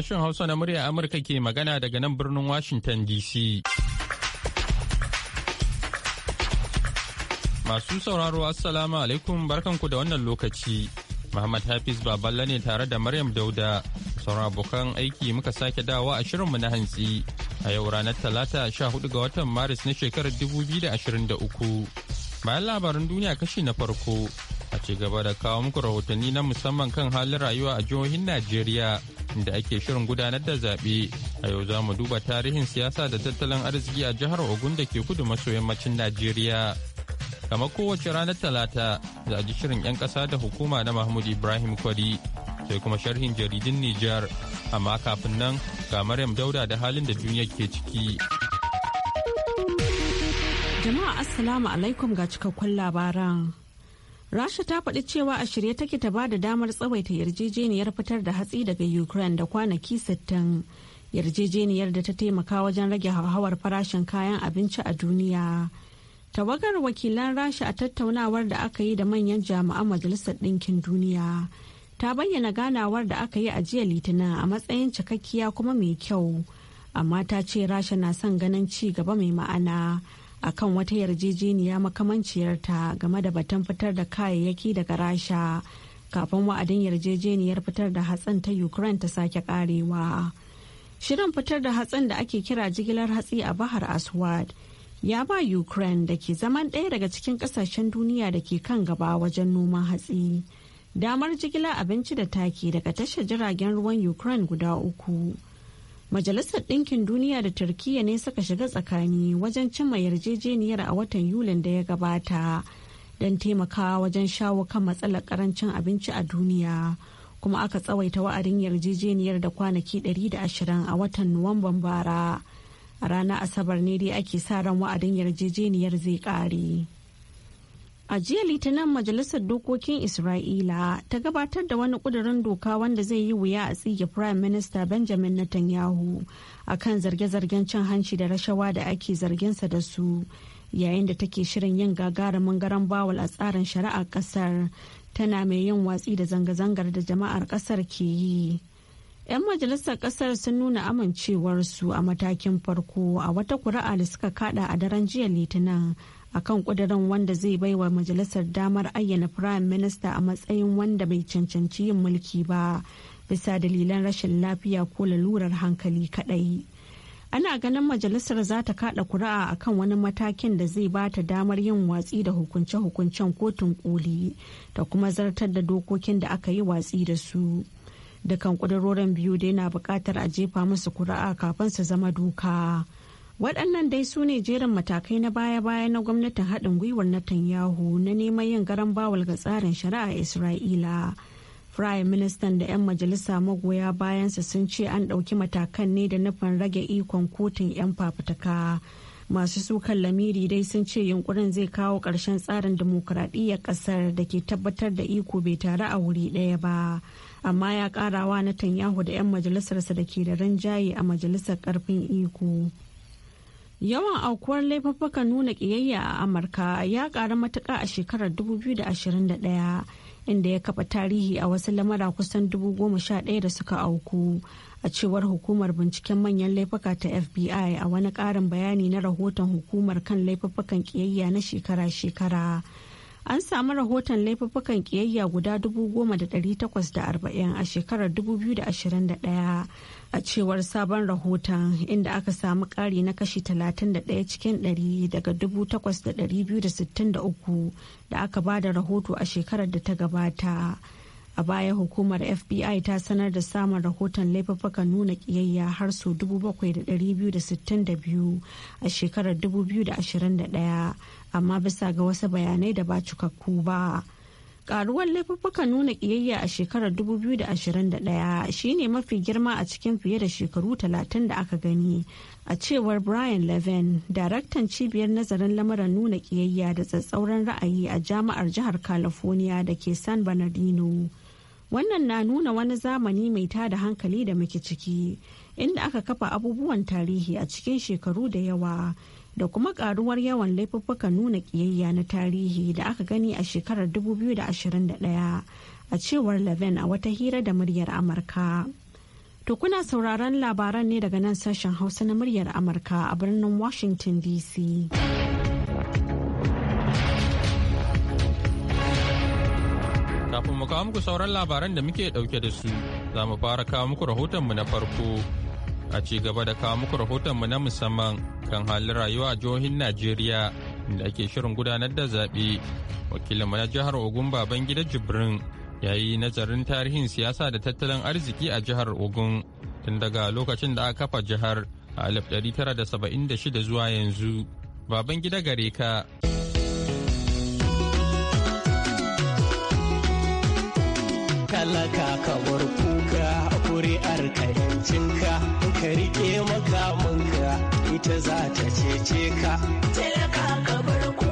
Sashen Hausa na murya Amurka ke magana daga nan birnin Washington DC. Masu sauraro Assalamu alaikum barkanku da wannan lokaci. Muhammad Hafiz Baballa ne tare da Maryam Dauda. Sauran abokan aiki muka sake dawa a shirinmu na hantsi. A yau ranar Talata 14 ga watan Maris na shekarar 2023. Bayan labarin duniya kashi na farko. a ci gaba da kawo muku rahotanni na musamman kan halin rayuwa a jihohin Najeriya inda ake shirin gudanar da zaɓe. A yau za mu duba tarihin siyasa da tattalin arziki a jihar Ogun da ke kudu maso yammacin Najeriya. Kamar kowace ranar Talata za a ji shirin 'yan ƙasa da hukuma na Mahmud Ibrahim Kwari sai kuma sharhin jaridin Nijar. Amma kafin nan ga Maryam Dauda da halin da duniya ke ciki. Jama'a Assalamu alaikum ga cikakkun labaran. Rasha ta faɗi cewa a shirye take ta ba da damar tsawaita yarjejeniyar fitar da hatsi daga Ukraine da kwanaki 60 yarjejeniyar da ta taimaka wajen rage hauhawar farashin kayan abinci a duniya. Tawagar wakilan Rasha a tattaunawar da aka yi da manyan jami'an Majalisar Ɗinkin Duniya ta bayyana ganawar da aka yi a jiya Litinin a matsayin cikakkiya kuma mai kyau, amma ta ce Rasha na son ganin ci gaba mai ma'ana. akan wata yarjejeniya makamanciyarta game da batun fitar da kayayyaki daga rasha kafin wa'adin yarjejeniyar fitar da hatsin ta ukraine ta sake karewa shirin fitar da hatsin da ake kira jigilar hatsi a bahar aswad ya ba ukraine da ke zaman ɗaya daga cikin ƙasashen duniya da ke kan gaba wajen noman hatsi damar jigilar abinci da taki daga tashar jiragen ruwan ukraine guda uku. Majalisar Ɗinkin Duniya da Turkiyya ne suka shiga tsakani wajen cimma yarjejeniyar a watan Yulin da ya gabata don taimakawa wajen shawo kan matsalar karancin abinci a duniya. Kuma aka tsawaita wa'adin yarjejeniyar da kwanaki 120 a watan Nuwamban bara. A ranar Asabar ne dai ake sa ran wa'adin yarjejeniyar zai ƙare. A jiya Litinin Majalisar Dokokin Isra'ila ta gabatar da wani ƙudurin doka wanda zai yi wuya a tsige Prime Minister Benjamin Netanyahu a kan zarge-zargen cin hanci da rashawa da ake zarginsa da su yayin da take shirin yin gagarumin garan bawul a tsarin shari'ar ƙasar tana mai yin watsi da zanga-zangar da jama'ar ƙasar ke yi. 'Yan majalisar ƙasar sun nuna amincewarsu a matakin farko a wata kuri'a da suka kada a daren jiya Litinin akan kudirin wanda zai baiwa majalisar damar ayyana prime minista a matsayin wanda bai cancanci yin mulki ba bisa dalilan rashin lafiya ko lalurar hankali kadai. ana ganin majalisar za ta kada a kan wani matakin da zai ba ta damar yin watsi da hukunce-hukuncen kotun koli da kuma zartar da dokokin da aka yi watsi da su dukan kudurorin biyu da yana bukatar a jefa musu kura'a kafin su zama doka waɗannan dai su ne jerin matakai na baya-baya na gwamnatin haɗin gwiwar Netanyahu na neman yin garan bawal ga tsarin shari'a isra'ila Prime ministan da 'yan majalisa magoya bayansa sun ce an ɗauki matakan ne da nufin rage ikon kotun 'yan fafutuka masu sukan lamiri dai sun ce yunkurin zai kawo ƙarshen tsarin dimokuraɗiyyar ƙasar da ke tabbatar da iko bai taru a wuri ɗaya ba amma ya ƙarawa na tanyahu da 'yan majalisarsa da ke da rinjaye a majalisar ƙarfin iko Yawan aukuwar laifuffukan nuna ƙiyayya a Amurka ya ƙaru matuƙa a shekarar 2021 inda ya kafa tarihi a wasu lamara kusan 11,000 da suka auku a cewar hukumar binciken manyan laifuka ta FBI a wani ƙarin bayani na rahoton hukumar kan laifuffukan ƙiyayya na shekara-shekara. an samu rahoton laifuffukan kiyayya guda 10,840 a shekarar 2021 a cewar sabon rahoton inda aka samu ƙari na kashi 31 cikin 100 daga 8,263 da aka ba da rahoto a shekarar da ta gabata. a baya hukumar fbi ta sanar da samun rahoton laifuffukan nuna kiyayya har su 7,262 a shekarar 2021 amma bisa ga wasu bayanai da ba cikakku ba. karuwar laifuffukan nuna kiyayya a shekarar 2021 shine mafi girma a cikin fiye da shekaru 30 da aka gani a cewar brian levin daraktan cibiyar nazarin lamarin nuna kiyayya da tsatsauran ra'ayi a jami'ar jihar california da ke san bernardino wannan na nuna wani zamani mai tada hankali da muke ciki inda aka kafa abubuwan tarihi a cikin shekaru da yawa da kuma karuwar yawan laifuffuka nuna kiyayya na tarihi da aka gani a shekarar 2021 a cewar Levin a wata hira da muryar Amurka. To kuna sauraron labaran ne daga nan sashen Hausa na muryar Amurka a birnin Washington DC. Kafin mu kawo muku sauran labaran da muke dauke da su, za mu fara kawo muku rahotonmu na farko. a ci gaba da kawo muku rahotonmu na musamman kan halin rayuwa a jihohin Najeriya inda ake shirin gudanar da zaɓe. Wakilinmu na jihar Ogun Babangida Jibrin ya yi nazarin tarihin siyasa da tattalin arziki a jihar Ogun tun daga lokacin da aka kafa jihar a 1976 zuwa yanzu. Babangida gare ka. kala kuka kuri'ar ka ka riƙe makamanka ita za ta cece ka. Talaka ka bar ku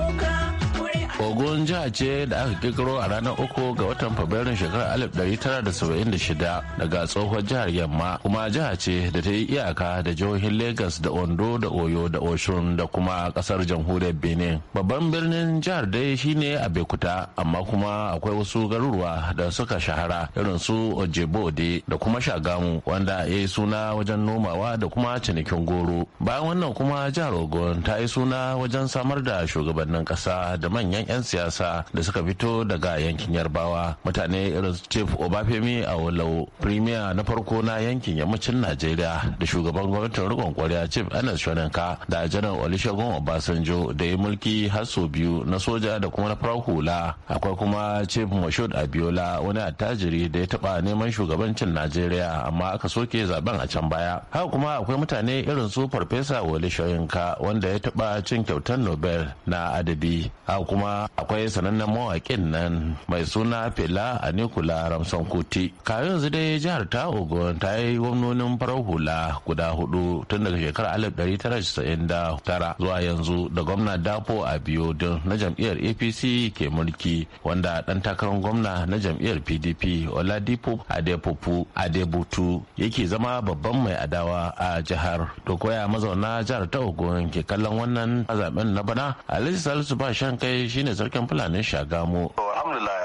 ogun jiha ce da aka kirkiro a ranar uku ga watan fabrairun shekarar 1976 daga tsohon jihar yamma kuma jiha ce da ta yi iyaka da jihohin lagos da ondo da oyo da oshun da kuma kasar jamhuriyar benin babban birnin jihar dai shine abekuta amma kuma akwai wasu garuruwa da suka shahara irin su ojebode da kuma shagamu wanda ya yi suna wajen nomawa da kuma cinikin goro bayan wannan kuma jihar ogun ta yi suna wajen samar da shugabannin kasa da manyan 'yan siyasa da suka fito daga yankin yarbawa mutane irin chief obafemi a walau premier na farko na yankin yammacin najeriya da shugaban gwamnatin rikon kwarya chief anas shoninka da janar olusegun obasanjo da ya mulki har sau biyu na soja da kuma na farar hula akwai kuma chief moshood abiola wani attajiri da ya taba neman shugabancin najeriya amma aka soke zaben a can baya haka kuma akwai mutane irin su farfesa wale shoyinka wanda ya taba cin kyautar nobel na adadi haka kuma akwai sanannen mawaƙin nan mai suna Fela Anikula Ramson Kuti. Kafin yanzu dai jihar ta Ogun ta yi gwamnonin farar hula guda hudu tun daga shekarar 1999 zuwa yanzu da gwamna Dapo a don na jam'iyyar APC ke mulki wanda ɗan takarar gwamna na jam'iyyar PDP Oladipo Adepopu Adebutu yake zama babban mai adawa a jihar. To koya mazauna jihar ta Ogun ke kallon wannan zaben na bana Alhaji Salisu ba shan kai shine shine sarkin fulani shagamu alhamdulillah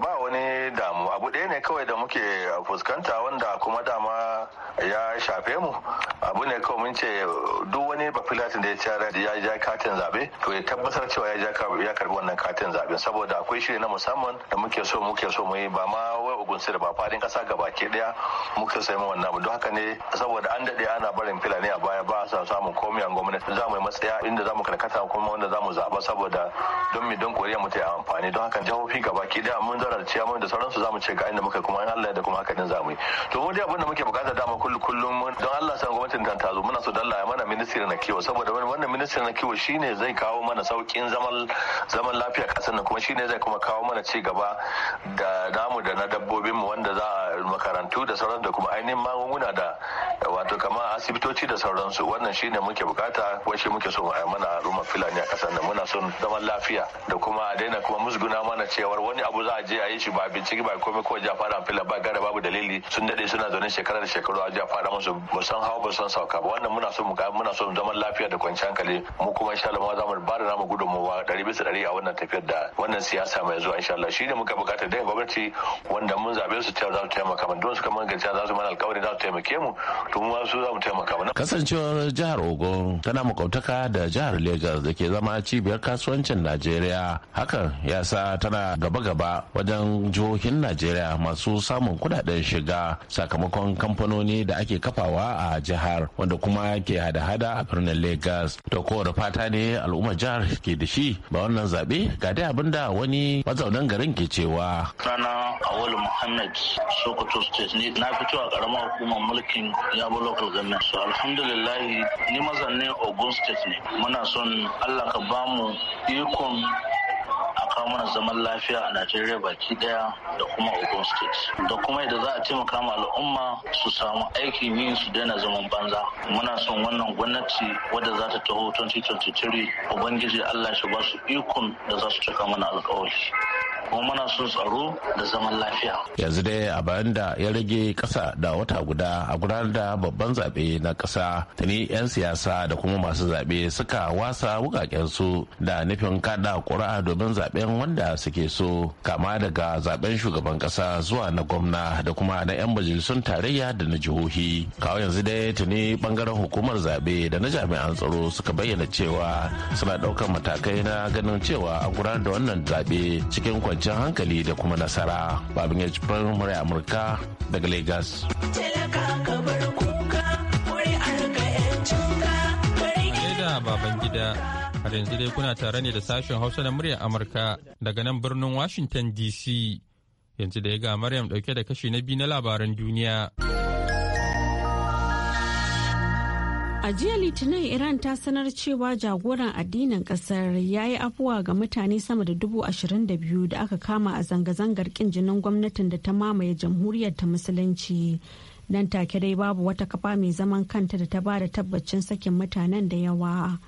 ba wani damu abu ɗaya ne kawai da muke fuskanta wanda kuma dama ya shafe mu abu ne kawai mun ce duk wani bafilatin da ya ci ya ja katin zabe to ya tabbatar cewa ya karbi wannan katin zabe saboda akwai shiri na musamman da muke so muke so mu yi ba ma gunsu da ba ƙasa ga gabaki ɗaya muka sai mu wannan don haka ne saboda an dade ana barin filani a baya ba sa samun komai a gwamnati za mu yi matsaya inda za mu karkata kuma wanda za mu zaba saboda don mi don koriya mu ta yi amfani don haka ga gabaki ɗaya mun zarar ciya mun da sauransu za mu ce ga inda muka kuma in Allah da kuma haka din za mu yi to mu dai abin da muke bukata dama kullum don Allah san gwamnatin ta tazo muna so dalla ya mana ministry na kiwo saboda wannan ministry na kiwo shine zai kawo mana saukin zaman zaman lafiya kasar nan kuma shine zai kuma kawo mana ci gaba da namu da na dabbo dabbobinmu wanda za a makarantu da sauran da kuma ainihin magunguna da wato kamar asibitoci da sauransu wannan shine muke bukata ko shi muke so a mana ruma filani a kasar nan muna son zaman lafiya da kuma a daina kuma musguna mana cewar wani abu za a je a yi shi ba bincike ba komai ko ja fara fila ba gara babu dalili sun dade suna zaune shekara da shekaru a ja fara musu ba san hawa ba san sauka ba wannan muna so mu muna so zaman lafiya da kwanciyar hankali mu kuma insha Allah za mu ba da namu gudunmuwa ɗari bisa ɗari a wannan tafiyar da wannan siyasa mai zuwa insha Allah shi ne muka bukata da gwamnati wanda mun zabe su cewa za su taimaka mana don su kamar gaskiya za su mana alƙawari za su taimake mu to wasu za mu taimaka mana kasancewar jihar Ogun tana makwabtaka da jihar legas da ke zama cibiyar kasuwancin Najeriya hakan ya sa tana gaba-gaba wajen jihohin Najeriya masu samun kudaden shiga sakamakon kamfanoni da ake kafawa a jihar wanda kuma ke hada-hada a birnin Lagos da kowane fata ne al'ummar jihar ke da shi ba wannan zaɓe ga dai abin da wani mazaunan garin ke cewa. Sana Awal Muhammad Sokoto State ne na fito a ƙaramar hukumar mulkin ya Sabo local government. So alhamdulillah ni mazannin Ogun state ne. Muna son Allah ka bamu ikon kawo mana zaman lafiya a nigeria baki daya da kuma Ogun State. Da kuma yadda za a taimaka ma al'umma su samu aiki yi su daina zaman banza. Muna son wannan gwamnati wadda za ta taho 2023 Ubangiji Allah shi ba su ikon da za su cika mana alkawari. kuma muna son tsaro da zaman lafiya. Yanzu dai a bayan da ya rage kasa da wata guda a gudanar da babban zaɓe na ƙasa tuni 'yan siyasa da kuma masu zaɓe suka wasa wukakensu da nufin kada ƙuri'a domin zaɓen wanda suke so kama daga zaɓen shugaban ƙasa zuwa na gwamna da kuma na 'yan majalisun tarayya da na jihohi. Kawo yanzu dai tuni bangaren hukumar zaɓe da na jami'an tsaro suka bayyana cewa suna ɗaukar matakai na ganin cewa a gudanar da wannan zaɓe cikin kwanci jan hankali da kuma nasara babin ya murai amurka daga lagos baban gida har yanzu dai kuna tare ne da sashen hausa na muryar amurka daga nan birnin washington dc yanzu da ya ga maryam dauke da kashi na biyu na labaran duniya. A jiya Litinin Iran ta sanar cewa jagoran addinin kasar ya yi afuwa ga mutane sama da dubu ashirin da biyu da aka kama a zanga-zangar kin jinin gwamnatin da ta mamaye jamhuriyar ta musulunci. Nan take dai babu wata kafa mai zaman kanta da ta ba da tabbacin sakin mutanen da yawa.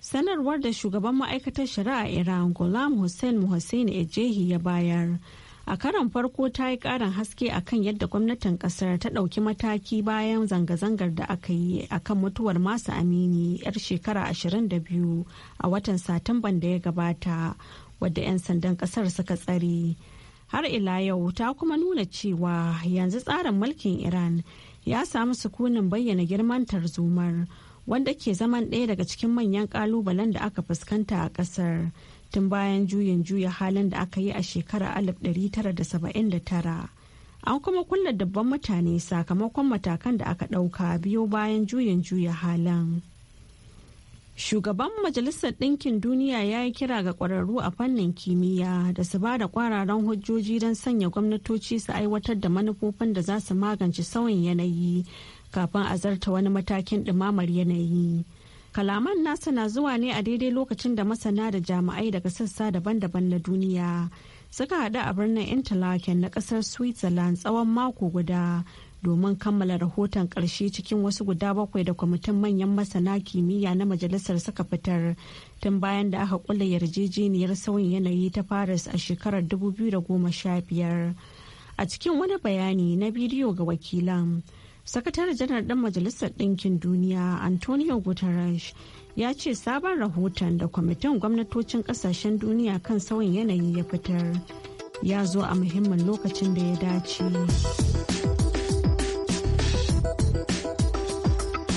Sanarwar da shugaban ma'aikatar shari'a Iran Ghulam Hussein Muhassin Ejehi ya bayar. a karon farko ta yi karin haske a kan yadda gwamnatin kasar ta ɗauki mataki bayan zanga-zangar da aka yi a kan mutuwar masu amini 'yar shekara 22 a watan satumban da ya gabata wadda 'yan sandan kasar suka tsare har ila yau ta kuma nuna cewa yanzu tsarin mulkin iran ya samu sukunin bayyana girman tarzomar wanda ke zaman ɗaya daga cikin manyan ƙalubalen da aka fuskanta a ƙasar tun bayan juyin juya halin da aka yi a shekarar tara an kuma kulla dabban mutane sakamakon matakan da aka ɗauka biyo bayan juyin juya halin shugaban majalisar ɗinkin duniya ya yi kira ga ƙwararru a fannin kimiyya da su ba da ƙwararren hujjoji don sanya gwamnatoci su aiwatar da manufofin da za su magance sauyin yanayi kafin a zarta wani matakin ɗumamar yanayi. kalaman nasa na zuwa ne a daidai lokacin da masana da jami'ai daga sassa daban-daban na duniya suka haɗu a birnin interlaken na ƙasar switzerland tsawon mako guda domin kammala rahoton ƙarshe cikin wasu guda bakwai da kwamitin manyan masana kimiyya na majalisar suka fitar tun bayan da aka kula yarjejeniyar sauyin yanayi ta paris a shekarar 2015 a cikin wani bayani na bidiyo ga wakilan sakatare janar ɗan majalisar ɗinkin duniya antonio guterres ya ce sabon rahoton da kwamitin gwamnatocin ƙasashen duniya kan sauyin yanayi ya fitar ya zo a muhimmin lokacin da ya dace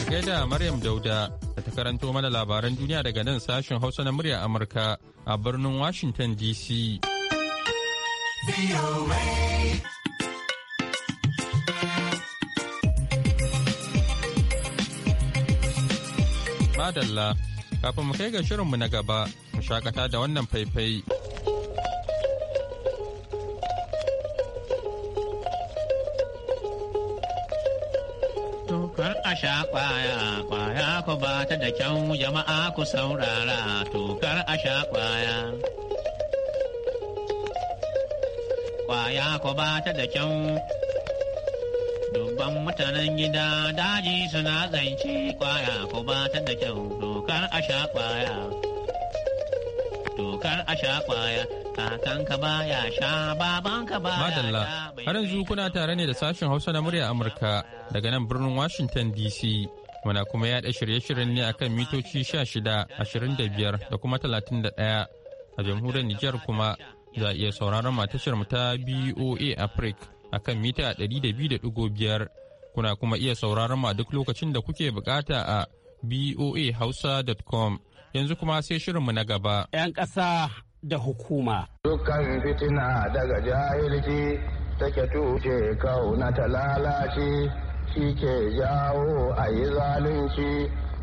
gaida maryam dauda da ta karanto mana labaran duniya daga nan sashen hausa na murya amurka a birnin washington dc Madalla, kafin mu kai ga shirinmu na gaba, mu shakata da wannan faifai. Tukar a sha kwaya, kwaya ku ba ta da kyau jama'a ku saurara, tukar a sha kwaya. Kwaya ku ba ta da kyau sakon mutanen gida daji suna zance kwaya ko ba ta da kyau dokar a sha kwaya. Dokar a sha kwaya, kakanka ba ya sha, babanka ba ya sha. har yanzu kuna tare ne da sashen Hausa na murya Amurka daga nan birnin Washington DC. Muna kuma yaɗa shirye-shiryen ne akan mitoci sha shida ashirin da biyar da kuma talatin da ɗaya a jamhuriyar Nijar kuma za a iya sauraron matashar mu ta BOA Africa a kan mita 200.5 kuna kuma iya sauraron ma duk lokacin da kuke bukata a boahausa.com yanzu kuma sai shirinmu na gaba. 'Yan ƙasa da hukuma. Dukkan fitina daga jahilci take tushe na ta lalace shi ke jawo a yi zalunci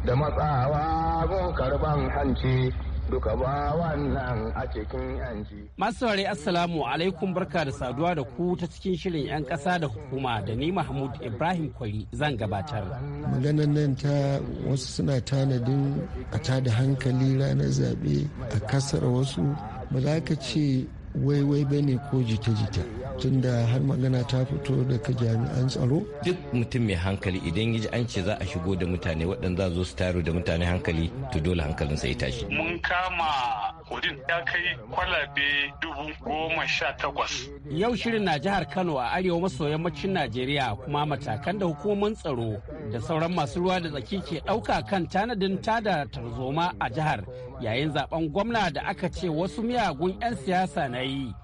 da matsawa gun karban hanci. duka ba wannan a cikin yanci. Masu saurari Assalamu alaikum barka da saduwa da ku ta cikin shirin 'yan ƙasa da hukuma da ni Mahmud Ibrahim Kwari zan gabatar. Maganar nan ta wasu suna tanadin a da hankali ranar zaɓe a kasar wasu ba za ka ce waiwai bane ko jita-jita tunda har magana ta fito daga jami'an tsaro duk mutum mai hankali idan ya ji an ce za a shigo da mutane waɗanda zo su taro da mutane hankali to dole hankalinsa ya tashi mun kama kodin ya kai kwalabe dubu goma sha takwas. Yau shirin na jihar Kano a arewa maso yammacin Najeriya kuma matakan da hukumomin tsaro da sauran masu ruwa da tsaki ke ɗauka kan tanadin tada tarzoma a jihar yayin zaben gwamna da aka ce wasu miyagun 'yan siyasa na yi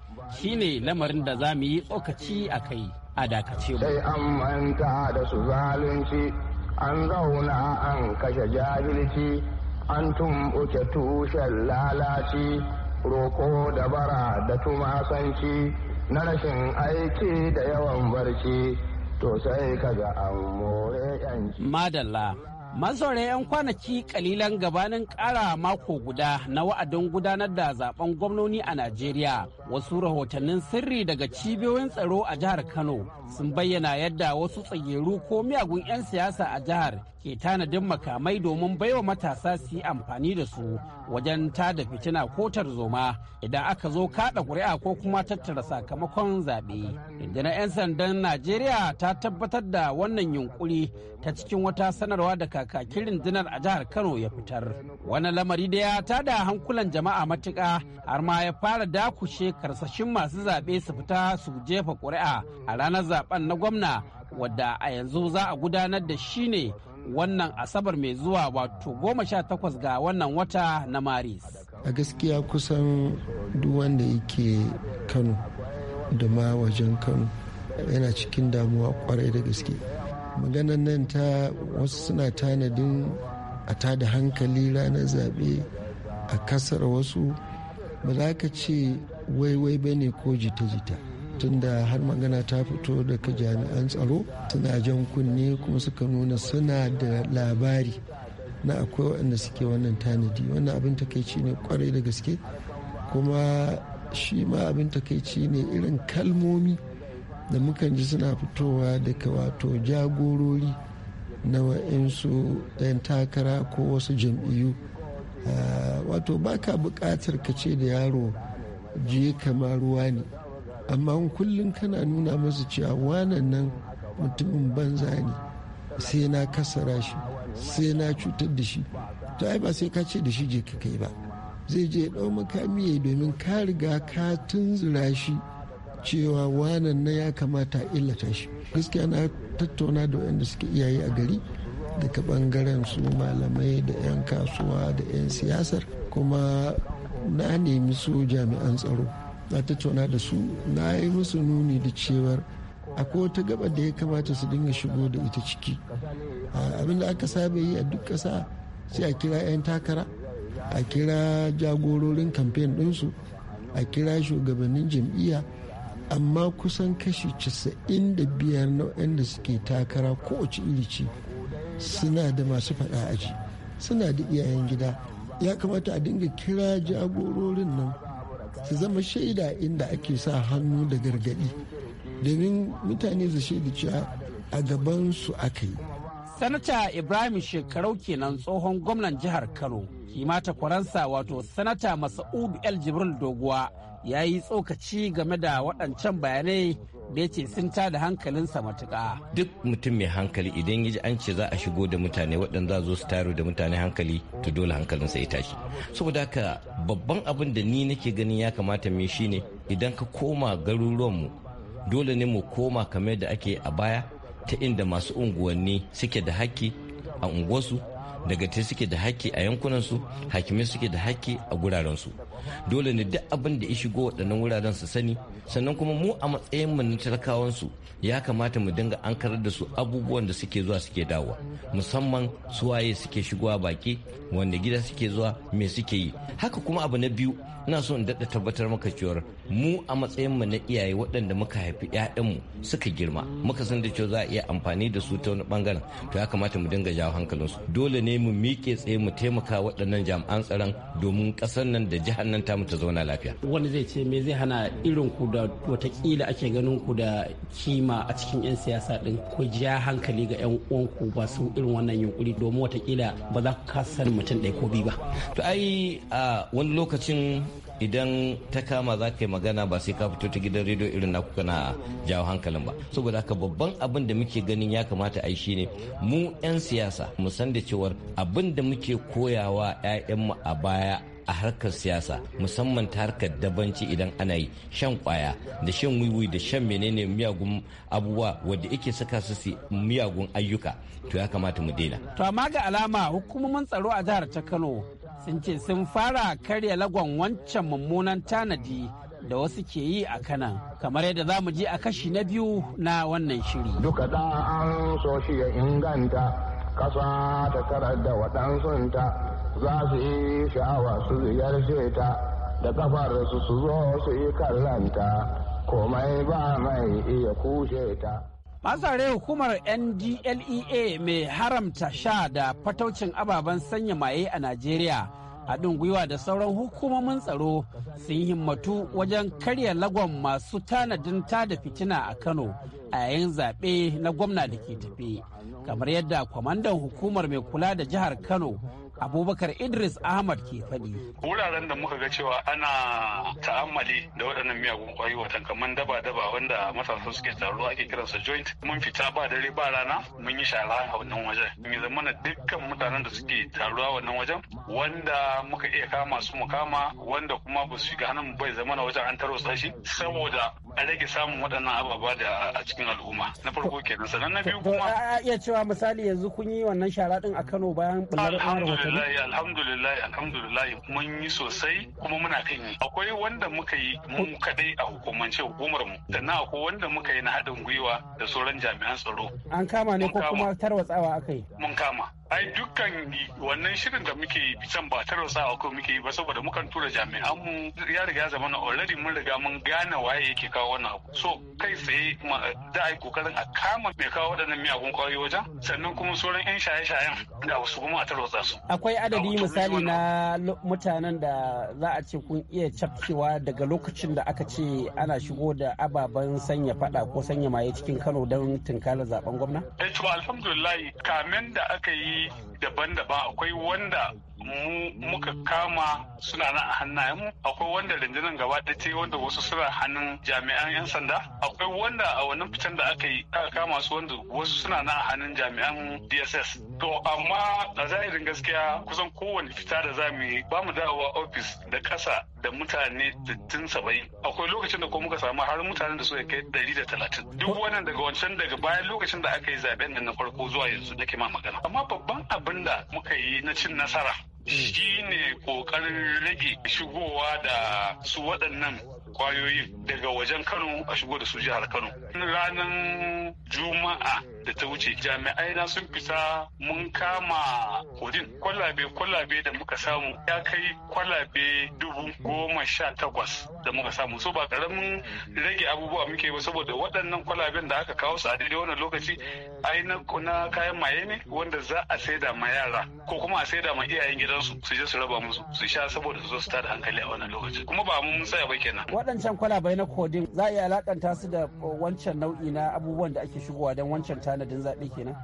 shine lamarin da za mu yi tsokaci a kai a dakace mu. Sai an manta da su zalunci an zauna an kashe jahilci an tumɓuke tushen lalaci roko da bara da tumasanci na rashin aiki da yawan barci to sai kaga an more yanci. Madalla mazaure 'yan kwanaki kalilan gabanin kara mako guda na wa'adin gudanar da zaben gwamnoni a najeriya wasu rahotannin sirri daga cibiyoyin tsaro a jihar kano sun bayyana yadda wasu tsageru ko miyagun 'yan siyasa a jihar ke tanadin makamai domin baiwa matasa su yi amfani da su wajen tada fitina ko tarzoma idan aka zo kada ƙuri'a ko kuma tattara sakamakon zaɓe. na 'yan sandan Najeriya ta tabbatar da wannan yunkuri ta cikin wata sanarwa da kakakin rundunar a jihar Kano ya fitar. Wani lamari da ya tada hankulan jama'a matuka har ma ya fara dakushe karsashin masu zaɓe su fita su jefa ƙuri'a a ranar zaben na gwamna wadda a yanzu za a gudanar da shi ne wannan asabar mai zuwa wato goma sha takwas ga wannan wata na maris a gaskiya kusan duk wanda yake kano da ma wajen kano yana cikin damuwa kwarai da gaske maganan nan ta wasu suna tanadin a da hankali ranar zaɓe a kasar wasu ba za ka ce waiwai ba ne ko jita-jita tunda har magana ta fito daga jami'an tsaro suna jan kunne kuma suka nuna suna da labari na akwai waɗanda suke wannan tanadi wannan abin takaici ne kwarai da gaske kuma shi ma abin takaici ne irin kalmomi da mukan ji suna fitowa daga wato jagorori na wa'insu 'yan takara ko wasu jam'iyyu ah, wato baka buƙatar ka ce da yaro je kamar ruwa ne amma kullum kana nuna masu cewa wannan nan mutumin banza ne sai na kasara shi sai na cutar da shi to ai ba sai ka ce da shi je ka kai ba zai je ɗau makami ya domin ka riga ka tunzura shi cewa wannan nan ya kamata illata shi gaskiya na tattauna da wanda suke iyaye a gari daga bangaren su malamai da 'yan kasuwa da 'yan siyasar kuma na nemi su jami'an tsaro ta tattauna da su na yi musu nuni da cewar akwai wata gaba da ya kamata su dinga shigo da ita ciki abinda aka saba yi a duk ƙasa sai a kira 'yan takara a kira jagororin kamfen ɗinsu a kira shugabannin jam'iyya amma kusan kashi 95 na waɗanda suke takara kowace iri ce suna da masu faɗa aji suna da iyayen gida ya kamata a dinga kira jagororin nan su zama shaida inda ake sa hannu da gargadi domin mutane su shaida cewa a gaban su aka yi sanata ibrahim shekarau kenan tsohon gwamnan jihar kano kima ta kwaransa wato sanata masa'udu el jibril doguwa ya yi tsokaci game da waɗancan bayanai da ce sun ta da hankalinsa matuka. Duk mutum mai hankali idan ya ji an ce za a shigo da mutane waɗanda zo su taro da mutane hankali to dole hankalinsa ya tashi. Saboda haka babban abin da ni nake ganin ya kamata shi shine idan ka koma garuruwanmu dole ne mu koma kamar da ake a baya ta inda masu unguwanni suke da haƙƙi a unguwarsu daga te suke da haƙƙi a yankunansu hakimai suke da haƙƙi a gurarensu dole ne duk abin da ya shigo waɗannan wuraren su sani sannan kuma mu a matsayin mu na talakawansu ya kamata mu dinga an da su abubuwan da suke zuwa suke dawowa musamman suwaye suke shigowa baki wanda gida suke zuwa me suke yi haka kuma abu na biyu ina so in daɗa tabbatar maka cewar mu a matsayin mu na iyaye waɗanda muka haifi ƴaƴanmu suka girma muka san da cewa za a iya amfani da su ta wani bangaren to ya kamata mu dinga jawo hankalinsu dole ne mu miƙe tsaye mu taimaka waɗannan jami'an tsaron domin ƙasar nan da jihar nan tamu ta zauna lafiya wani zai ce me zai hana irin ku da watakila ake ganin ku da kima a cikin 'yan siyasa ɗin ku ja hankali ga 'yan uwanku ba su irin wannan yunkuri domin watakila ba za ku kasa mutum ɗaya ko biyu ba to ai a wani lokacin idan ta kama za ka yi magana ba sai ka fito ta gidan rediyo irin naku kana jawo hankalin ba saboda haka babban abin da muke ganin ya kamata a yi shine mu 'yan siyasa mu san da cewar abin da muke koyawa mu a baya a harkar siyasa musamman ta harkar dabanci idan ana yi shan kwaya da shan wiwi da shan menene miyagun abubuwa wadda ake saka su su miyagun ayyuka to ya kamata mu daina to amma ga alama hukumomin tsaro a jihar ta Kano sun ce sun fara karya lagon wancan mummunan tanadi da wasu ke yi a kanan kamar yadda za mu ji a kashi na biyu na wannan shiri. Duka da an so shi ya inganta kasa ta karar da waɗansunta za su yi sha'awa su ziyarce ta da kafar su su zo su yi kallanta komai ba mai iya kushe ta. Matsare hukumar NDLEA mai haramta sha da fataucin ababen sanya maye a Najeriya haɗin gwiwa da sauran hukumomin tsaro sun himmatu wajen karya lagon masu tanadin da fitina a Kano a yayin zaɓe na gwamna da ke tafi. Kamar yadda kwamandan hukumar mai kula da jihar Kano abubakar idris ahmad ke faɗi. wuraren da muka ga cewa ana ta'ammali da waɗannan miyagun ƙwayoyi watan kamar daba-daba wanda matasa suke taruwa ake kiransa joint mun fita ba dare ba rana mun yi shara a wannan wajen mai zamana dukkan mutanen da suke taruwa wannan wajen wanda muka iya kama su mu kama wanda kuma ba su shiga hannun bai zamana wajen an taro shi saboda a rage samun waɗannan ababa da a cikin al'umma na farko kenan sannan na biyu kuma a iya cewa misali yanzu kun yi wannan shara din a Kano bayan bullar alhamdulillah alhamdulillah alhamdulillah mun yi sosai kuma muna kan yi akwai wanda muka yi mu kadai a hukumance hukumar mu sannan akwai wanda muka yi na haɗin gwiwa da sauran jami'an tsaro an kama ne ko kuma tarwatsawa aka yi mun kama ai dukkan wannan shirin da muke yi bisan ba tarwasa a ko muke yi ba saboda mukan tura jami'an mu ya riga zama na already mun riga mun gane waye yake kawo wannan abu so kai tsaye da ai kokarin a kama mai kawo waɗannan miyagun kwayoyi wajen sannan kuma sauran yan shaye-shayen da wasu kuma a tarwasa su akwai adadi misali na mutanen da za a ce kun iya cafkewa daga lokacin da aka ce ana shigo da ababen sanya fada ko sanya maye cikin Kano don tunkarar zaben gwamna eh to alhamdulillah kamen da aka yi daban-daban akwai wanda mu muka kama suna nan a hannayenmu akwai wanda rundunar gaba da ta wanda wasu suna hannun jami'an 'yan sanda akwai wanda a wannan fitan da aka yi aka kama su wanda wasu suna nan a hannun jami'an dss to amma a zahirin gaskiya kusan kowane fita da za mu yi ba mu dawowa ofis da ƙasa da mutane tun saba'i. akwai lokacin da ko muka samu har mutanen da suka kai dari da talatin duk wannan daga wancan daga bayan lokacin da aka yi zaben da na farko zuwa yanzu nake ma magana amma babban abin da muka yi na cin nasara Mm. Shi ne kokarin rage shigowa da su waɗannan kwayoyin daga wajen Kano a shigo da su jihar Kano. Ranar Juma'a da ta wuce jami'ai na sun fita mun kama hudin kwallabe kwallabe da muka samu ya kai kwallabe dubu goma sha takwas da muka samu so ba karamin rage abubuwa muke ba saboda waɗannan kwalaben da aka kawo su a daidai wannan lokaci ai na kayan maye ne wanda za a saida ma yara ko kuma a saida ma iyayen gidansu su je su raba musu su sha saboda su zo su tada hankali a wannan lokaci kuma ba mun tsaya ba kenan waɗancan kwalabai na kodin za a iya alakanta su da wancan nau'i na abubuwan da ake shigowa don wancan tanadin zaɓe kenan?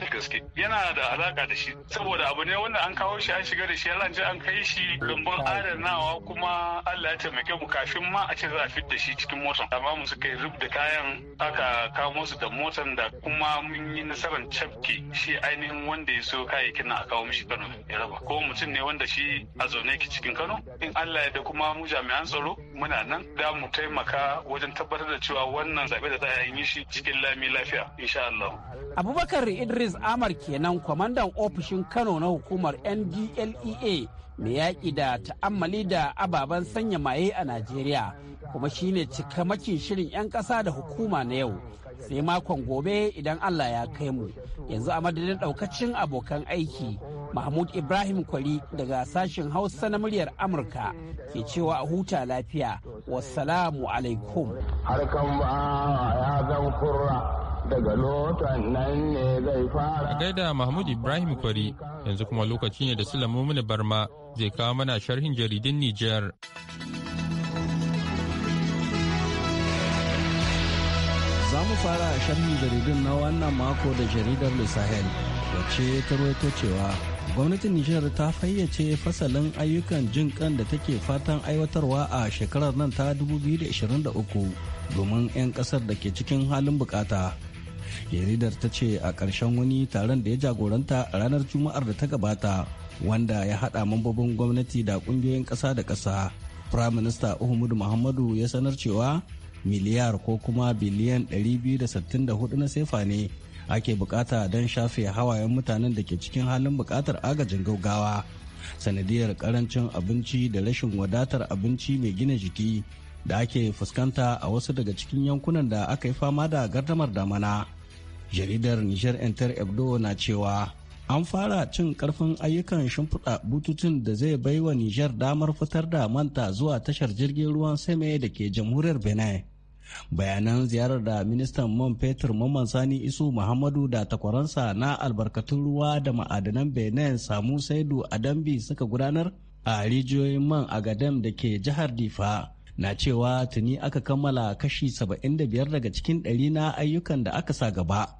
da gaske yana da alaƙa da shi saboda abu ne wanda an kawo shi an shiga da shi an je an kai shi rumbun adanawa kuma Allah ya taimake mu kafin ma a ce za a da shi cikin motan. Amma mu suka yi rub da kayan aka kawo su da motan da kuma mun yi nasarar cafke shi ainihin wanda ya so kayayyakin na a kawo mishi Kano ya raba. Ko mutum ne wanda shi a zaune ki cikin Kano in Allah ya da kuma mu jami'an tsaro muna nan da mu taimaka wajen tabbatar da cewa wannan zaɓe da za a yi shi cikin lami lafiya insha Abubakar Idris Amar kenan kwamandan ofishin Kano na hukumar NDLEA mai yaƙi da ta'ammali da ababen sanya maye a Najeriya kuma shine cikamakin shirin 'yan ƙasa da hukuma na yau sai makon gobe idan Allah ya kai mu yanzu a madadin ɗaukacin abokan aiki Mahmud Ibrahim Kwari daga sashen Hausa na muryar Amurka ke cewa a huta lafiya wassalamu alaikum harkan ba ya zan kurra daga lotan nan ne zai fara. A gaida Mahmud Ibrahim Kwari yanzu kuma lokaci ne da lamu Mini Barma zai kawo mana sharhin jaridin Nijar. Za mu fara sharhin jaridun na wannan mako da jaridar Lusahel wacce ta rawaito cewa gwamnatin Nijar ta fayyace fasalin ayyukan jin kan da take fatan aiwatarwa a shekarar nan ta 2023 domin 'yan kasar da ke cikin halin bukata. jaridar ta ce a ƙarshen wani taron da ya jagoranta a ranar juma'ar da ta gabata wanda ya haɗa mambobin gwamnati da ƙungiyoyin ƙasa da ƙasa prime minister uhumudu muhammadu ya sanar cewa miliyar ko kuma biliyan 264 na sefa ne ake bukata don shafe hawayen mutanen da ke cikin halin bukatar agajin gaugawa sanadiyar karancin abinci da rashin wadatar abinci mai gina jiki da ake fuskanta a wasu daga cikin yankunan da aka yi fama da gardamar damana jaridar Nijar Inter ebdo na cewa an fara cin karfin ayyukan shimfiɗa bututun da zai bai wa nijar damar fitar da manta zuwa tashar jirgin ruwan sama da ke jamhuriyar benin bayanan ziyarar da ministan man fetur Mamman sani isu muhammadu da takwaransa na albarkatun ruwa da ma'adanan benin samu saidu a dambi suka gudanar a rijiyoyin man agadem da ke jihar difa na cewa tuni aka kammala kashi 75 daga cikin ɗari na ayyukan da aka sa gaba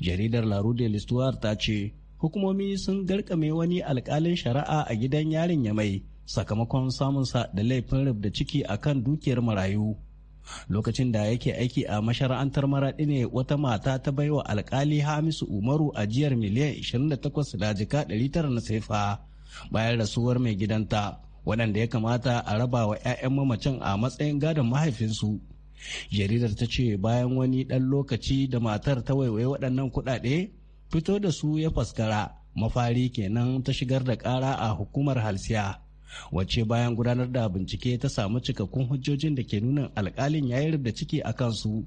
jaridar la rue de l'histoire ta ce hukumomi sun garkame wani alkalin shari'a a gidan yarin yamai sakamakon samunsa da laifin rubda ciki a kan dukiyar marayu lokacin da yake aiki a mashara'antar maraɗi ne wata mata ta baiwa alkali hamisu umaru ajiyar miliyan 28 da jika 900 na sefa bayan rasuwar mai gidanta waɗanda ya kamata a raba wa 'ya'yan mamacin a matsayin gadon mahaifinsu jaridar ta ce bayan wani ɗan lokaci da matar ta waiwaye waɗannan kuɗaɗe fito da su ya faskara mafari kenan ta shigar da ƙara a hukumar halsiya wacce bayan gudanar da bincike ta samu cikakkun hujjojin da ke nuna alkalin ya yi da ciki a kansu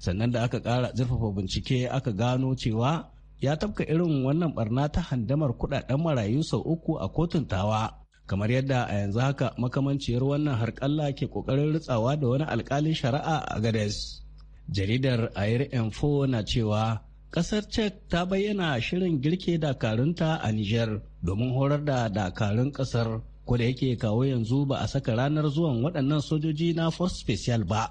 sannan da aka ƙara zurfafa bincike aka gano cewa ya tafka irin wannan barna ta handamar kuɗaɗen marayu sau uku a kotun tawa kamar yadda a yanzu haka makamanciyar wannan harƙalla ke ƙoƙarin ritsawa da wani alƙalin shari'a a gades jaridar air info na cewa ƙasar cek ta bayyana shirin girke dakarunta a niger domin horar da dakarun ƙasar ko da yake kawo yanzu ba a saka ranar zuwan waɗannan sojoji na force special ba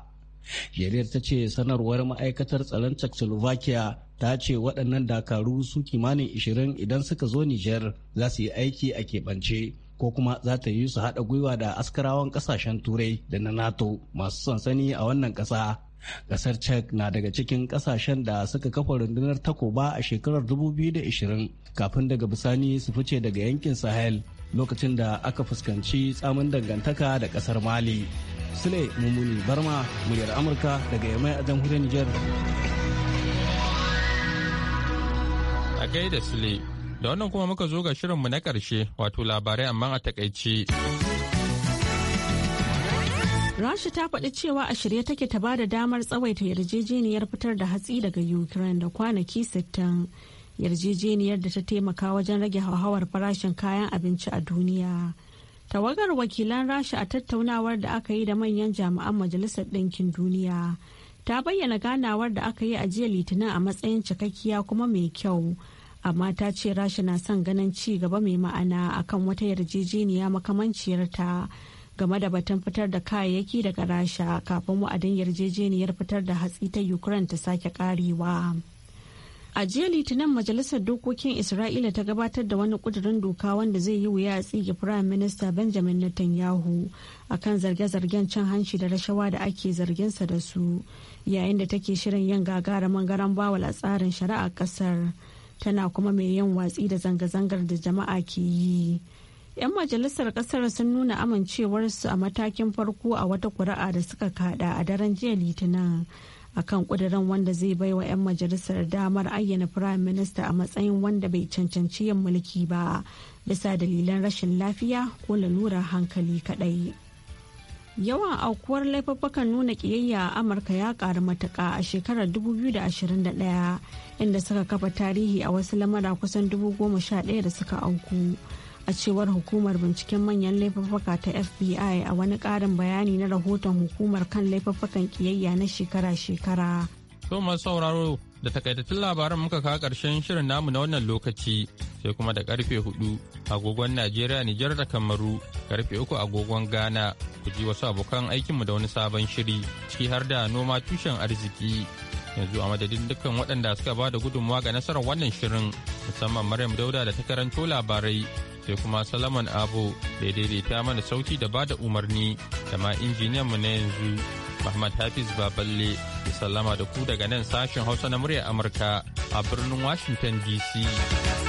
jaridar ta ce sanarwar ma'aikatar tsaron czechoslovakia ta ce waɗannan dakaru su kimanin 20 idan suka zo niger za su yi aiki a keɓance ko kuma za ta yi su haɗa gwiwa da askarawan ƙasashen turai da na nato masu sansani a wannan ƙasa ƙasar czech na daga cikin ƙasashen da suka kafa rundunar takoba a shekarar 2020 kafin daga bisani su fice daga yankin sahel lokacin da aka fuskanci tsamin dangantaka da ƙasar mali sule mummuni barma muryar amurka daga yamai a jamhuriyar niger a gaida sule Da wannan kuma muka zo ga shirinmu na ƙarshe wato labarai amma a takaici. Rasha ta faɗi cewa a shirye take ta ba da damar tsawaita yarjejeniyar fitar da hatsi daga Ukraine da kwanaki 60 yarjejeniyar da ta taimaka wajen rage hauhawar farashin kayan abinci a duniya. Tawagar wakilan Rasha a tattaunawar da aka yi da manyan jami'an Majalisar Ɗinkin Duniya ta bayyana ganawar da aka yi a jiya Litinin a matsayin cikakkiya kuma mai kyau. amma ta ce rasha na son ganin ci gaba mai ma'ana akan wata yarjejeniya makamanciyar ta game da batun fitar da kayayyaki daga rasha kafin wa'adin yarjejeniyar fitar da hatsi ta ukraine ta sake karewa. a jiya litinin majalisar dokokin isra'ila ta gabatar da wani kudurin doka wanda zai yi wuya a tsige firayim minista benjamin netanyahu akan zarge-zargen cin hanci da rashawa da ake zarginsa da su yayin da take shirin yin gagara garan bawal a tsarin shari'a kasar tana kuma mai yin watsi da zanga-zangar da jama'a ke yi. 'Yan majalisar kasar sun nuna amincewarsu a matakin farko a wata kuri'a da suka kada a daren jiya litinin akan kudirin wanda zai bai wa 'yan majalisar damar ayyana firayim minista a matsayin wanda bai cancanci yin mulki ba bisa dalilan rashin lafiya ko lalurar hankali kadai. Yawan aukuwar laifuffukan nuna ƙiyayya a Amurka ya karu matuƙa a shekarar 2021 inda suka kafa tarihi a wasu lamara kusan 11,000 da suka auku. A cewar hukumar binciken manyan laifuffuka ta FBI a wani ƙarin bayani na rahoton hukumar kan laifuffukan ƙiyayya na shekara-shekara. da takaitattun labaran muka kawo ƙarshen shirin namu na wannan lokaci sai kuma da karfe hudu agogon najeriya nijar da kamaru karfe uku agogon ghana ku ji wasu abokan aikinmu da wani sabon shiri ciki har da noma tushen arziki yanzu a madadin dukkan waɗanda suka ba da gudunmawa ga nasarar wannan shirin musamman maryam dauda da ta karanto labarai sai kuma salaman abu da daidaita mana sauti da ba da umarni da ma injiniyanmu na yanzu Ahmad Hafiz Baballe ya sallama da ku daga nan sashen Hausa na muryar Amurka a birnin Washington DC.